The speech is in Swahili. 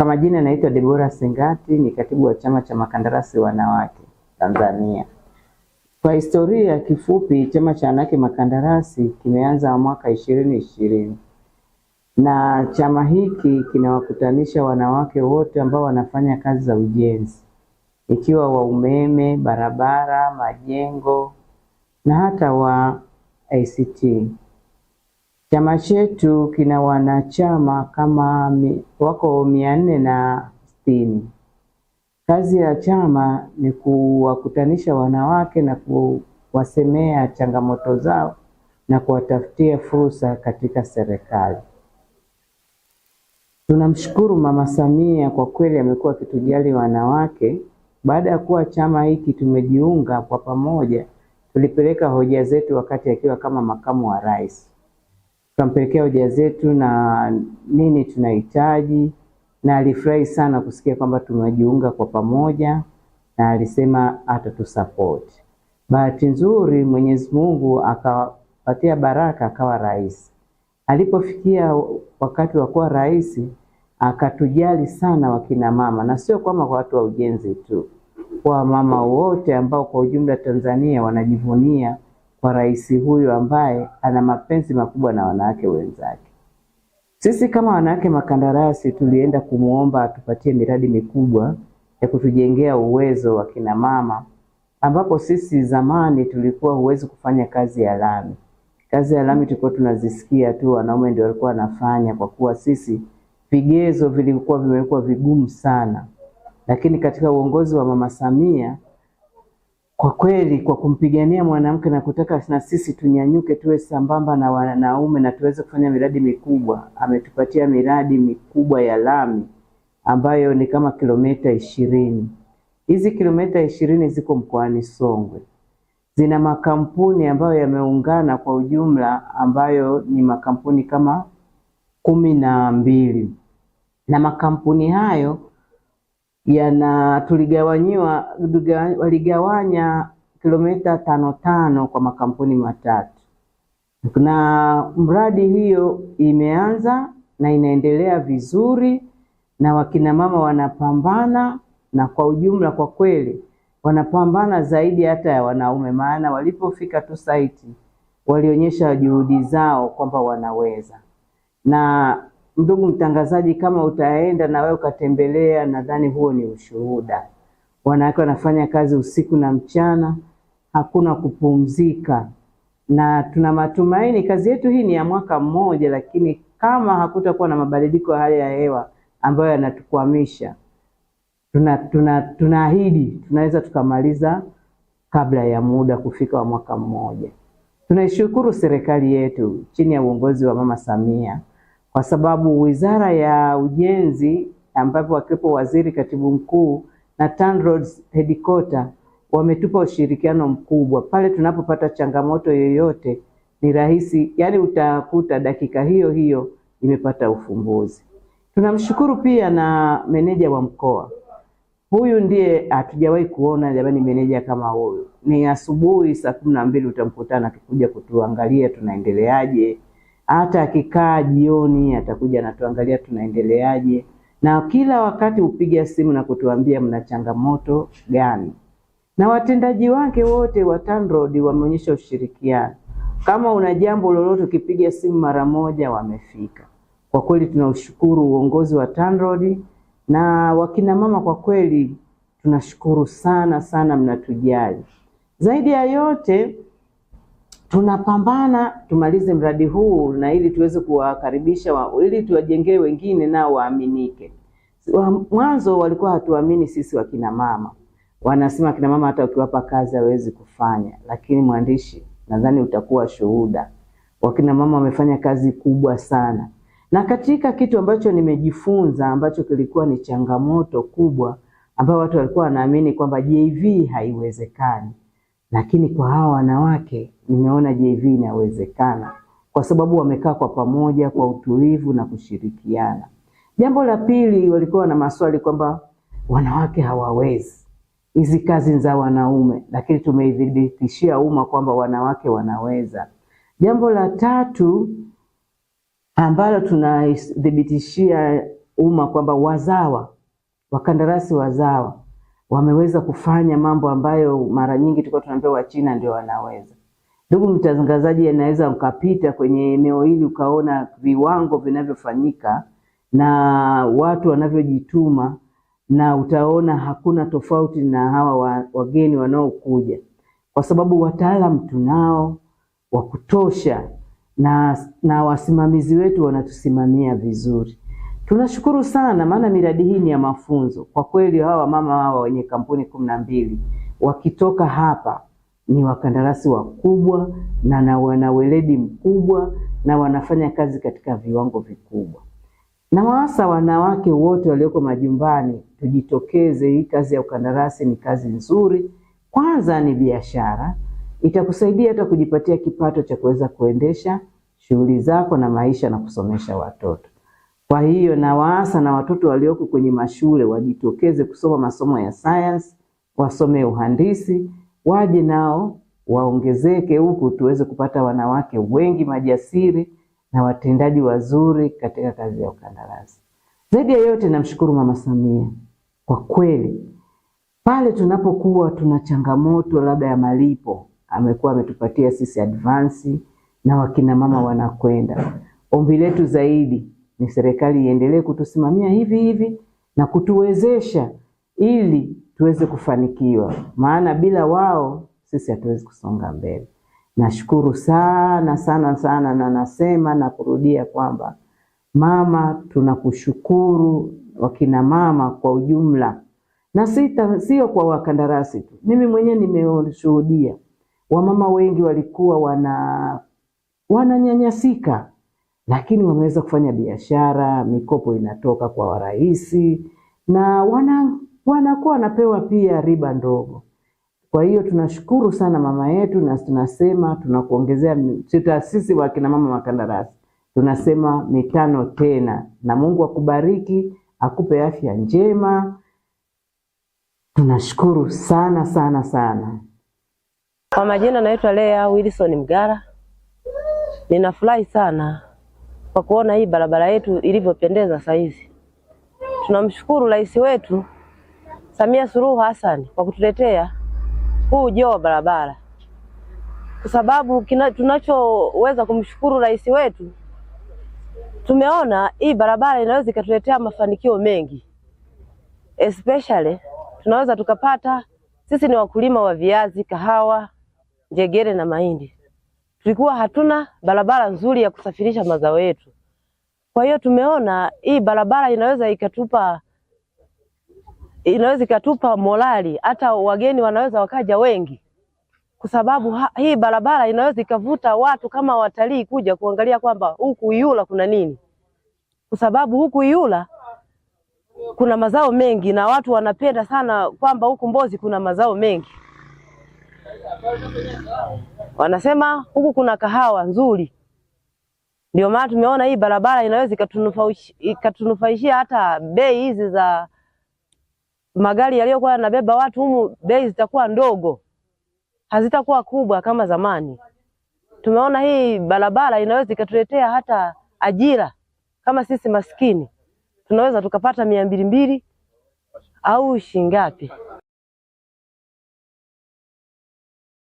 Kwa majina anaitwa Debora Sengati, ni katibu wa chama cha makandarasi wanawake Tanzania. Kwa historia kifupi, chama cha wanawake makandarasi kimeanza mwaka ishirini ishirini na chama hiki kinawakutanisha wanawake wote ambao wanafanya kazi za ujenzi, ikiwa wa umeme, barabara, majengo na hata wa ICT. Chama chetu kina wanachama kama mi, wako mia nne na sitini. Kazi ya chama ni kuwakutanisha wanawake na kuwasemea changamoto zao na kuwatafutia fursa katika serikali. Tunamshukuru Mama Samia kwa kweli, amekuwa akitujali wanawake. Baada ya kuwa chama hiki tumejiunga kwa pamoja, tulipeleka hoja zetu wakati akiwa kama makamu wa rais tukampelekea hoja zetu na nini tunahitaji, na alifurahi sana kusikia kwamba tumejiunga kwa pamoja, na alisema atatusapoti. Bahati nzuri Mwenyezi Mungu akapatia baraka, akawa rais. Alipofikia wakati wa kuwa rais, akatujali sana wakina mama, na sio kwamba kwa watu wa ujenzi tu, kwa mama wote ambao kwa ujumla Tanzania wanajivunia kwa rais huyu ambaye ana mapenzi makubwa na wanawake wenzake. Sisi kama wanawake makandarasi tulienda kumwomba atupatie miradi mikubwa ya kutujengea uwezo wa kina mama, ambapo sisi zamani tulikuwa huwezi kufanya kazi ya lami. Kazi ya lami tulikuwa tunazisikia tu, wanaume ndio walikuwa wanafanya, kwa kuwa sisi vigezo vilikuwa vimekuwa vigumu sana, lakini katika uongozi wa Mama Samia kwa kweli kwa kumpigania mwanamke na kutaka na sisi tunyanyuke tuwe sambamba na wanaume na tuweze kufanya miradi mikubwa, ametupatia miradi mikubwa ya lami ambayo ni kama kilomita ishirini. Hizi kilomita ishirini ziko mkoani Songwe, zina makampuni ambayo yameungana kwa ujumla, ambayo ni makampuni kama kumi na mbili na makampuni hayo yana tuligawanyiwa waligawanya kilomita tano tano kwa makampuni matatu, na mradi hiyo imeanza na inaendelea vizuri, na wakinamama wanapambana, na kwa ujumla kwa kweli wanapambana zaidi hata ya wanaume, maana walipofika tu saiti walionyesha juhudi zao kwamba wanaweza na Ndugu mtangazaji, kama utaenda na wewe ukatembelea, nadhani huo ni ushuhuda. Wanawake wanafanya kazi usiku na mchana, hakuna kupumzika, na tuna matumaini kazi yetu hii ni ya mwaka mmoja, lakini kama hakutakuwa na mabadiliko ya hali ya hewa ambayo yanatukwamisha, tunaahidi tuna, tuna tunaweza tukamaliza kabla ya muda kufika wa mwaka mmoja. Tunaishukuru serikali yetu chini ya uongozi wa Mama Samia kwa sababu Wizara ya Ujenzi ambapo wakiwepo waziri, katibu mkuu na TANROADS headquarter wametupa ushirikiano mkubwa. Pale tunapopata changamoto yoyote ni rahisi, yani utakuta dakika hiyo hiyo imepata ufumbuzi. Tunamshukuru pia na meneja wa mkoa huyu, ndiye hatujawahi kuona jamani, meneja kama huyu. Ni asubuhi saa kumi na mbili utamkutana tukuja kutuangalia tunaendeleaje hata akikaa jioni atakuja anatuangalia tunaendeleaje, na kila wakati hupiga simu na kutuambia mna changamoto gani, na watendaji wake wote wa TANROADS wameonyesha ushirikiano. Kama una jambo lolote, ukipiga simu mara moja wamefika. Kwa kweli tunaushukuru uongozi wa TANROADS na wakina mama, kwa kweli tunashukuru sana sana, mnatujali zaidi ya yote tunapambana tumalize mradi huu na ili tuweze kuwakaribisha wa, ili tuwajengee wengine nao waaminike. Mwanzo walikuwa hatuamini sisi wakina mama, wanasema wakina mama hata ukiwapa kazi hawezi kufanya, lakini mwandishi, nadhani utakuwa shuhuda, wakina mama wamefanya kazi kubwa sana. Na katika kitu ambacho nimejifunza ambacho kilikuwa ni changamoto kubwa ambayo watu walikuwa wanaamini kwamba JV haiwezekani lakini kwa hawa wanawake nimeona JV inawezekana, kwa sababu wamekaa kwa pamoja kwa utulivu na kushirikiana. Jambo la pili, walikuwa na maswali kwamba wanawake hawawezi hizi kazi za wanaume, lakini tumeidhibitishia umma kwamba wanawake wanaweza. Jambo la tatu ambalo tunaithibitishia umma kwamba wazawa, wakandarasi wazawa wameweza kufanya mambo ambayo mara nyingi tulikuwa tunaambiwa Wachina ndio wanaweza. Ndugu mtangazaji, anaweza ukapita kwenye eneo hili ukaona viwango vinavyofanyika na watu wanavyojituma, na utaona hakuna tofauti na hawa wageni wanaokuja, kwa sababu wataalamu tunao wa kutosha na, na wasimamizi wetu wanatusimamia vizuri. Tunashukuru sana, maana miradi hii ni ya mafunzo kwa kweli. Hawa wamama hawa wenye kampuni kumi na mbili wakitoka hapa ni wakandarasi wakubwa na na wana weledi mkubwa na wanafanya kazi katika viwango vikubwa. Na waasa wanawake wote walioko majumbani, tujitokeze. Hii kazi ya ukandarasi ni kazi nzuri, kwanza ni biashara, itakusaidia hata kujipatia kipato cha kuweza kuendesha shughuli zako na maisha na kusomesha watoto. Kwa hiyo nawaasa na watoto walioko kwenye mashule wajitokeze kusoma masomo ya sayansi, wasome uhandisi, waje nao waongezeke huku tuweze kupata wanawake wengi majasiri na watendaji wazuri katika kazi ya ukandarasi. Zaidi ya yote, namshukuru Mama Samia kwa kweli, pale tunapokuwa tuna changamoto labda ya malipo, amekuwa ametupatia sisi advansi na wakina mama wanakwenda. Ombi letu zaidi ni serikali iendelee kutusimamia hivi hivi na kutuwezesha ili tuweze kufanikiwa, maana bila wao sisi hatuwezi kusonga mbele. Nashukuru sana sana sana, na nasema na kurudia kwamba mama, tunakushukuru wakina mama kwa ujumla, na sita sio kwa wakandarasi tu. Mimi mwenyewe nimeshuhudia wamama wengi walikuwa wana wananyanyasika lakini wameweza kufanya biashara, mikopo inatoka kwa warahisi na wana wanakuwa wanapewa pia riba ndogo. Kwa hiyo tunashukuru sana mama yetu, na tunasema tunakuongezea taasisi wa kina mama wakandarasi, tunasema mitano tena, na Mungu akubariki, akupe afya njema. Tunashukuru sana sana sana. Kwa majina naitwa Lea Wilson Mgara, ninafurahi sana kwa kuona hii barabara yetu ilivyopendeza saa hizi. Tunamshukuru rais wetu Samia Suluhu Hassan kwa kutuletea huu ujio wa barabara, kwa sababu tunachoweza kumshukuru rais wetu, tumeona hii barabara inaweza ikatuletea mafanikio mengi, especially tunaweza tukapata sisi ni wakulima wa viazi, kahawa, njegere na mahindi tulikuwa hatuna barabara nzuri ya kusafirisha mazao yetu. Kwa hiyo tumeona hii barabara inaweza ikatupa inaweza ikatupa morali, hata wageni wanaweza wakaja wengi, kwa sababu hii barabara inaweza ikavuta watu kama watalii kuja kuangalia kwamba huku Iyula kuna nini, kwa sababu huku Iyula kuna mazao mengi na watu wanapenda sana kwamba huku Mbozi kuna mazao mengi wanasema huku kuna kahawa nzuri, ndio maana tumeona hii barabara inaweza ikatunufaishia hata bei hizi za magari yaliyokuwa yanabeba watu humu, bei zitakuwa ndogo, hazitakuwa kubwa kama zamani. Tumeona hii barabara inaweza ikatuletea hata ajira, kama sisi maskini tunaweza tukapata mia mbili mbili au shilingi ngapi?